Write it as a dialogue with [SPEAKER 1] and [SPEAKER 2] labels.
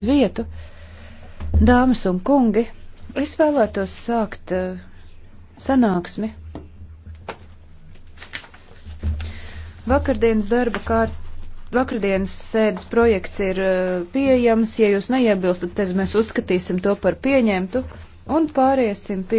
[SPEAKER 1] vietu. Dāmas un kungi, es vēlētos sākt uh, sanāksmi.
[SPEAKER 2] Vakardienas darba kārt, vakardienas sēdes projekts ir uh, pieejams, ja jūs neiebilstat, tad mēs uzskatīsim to par pieņemtu un pāriesim pie.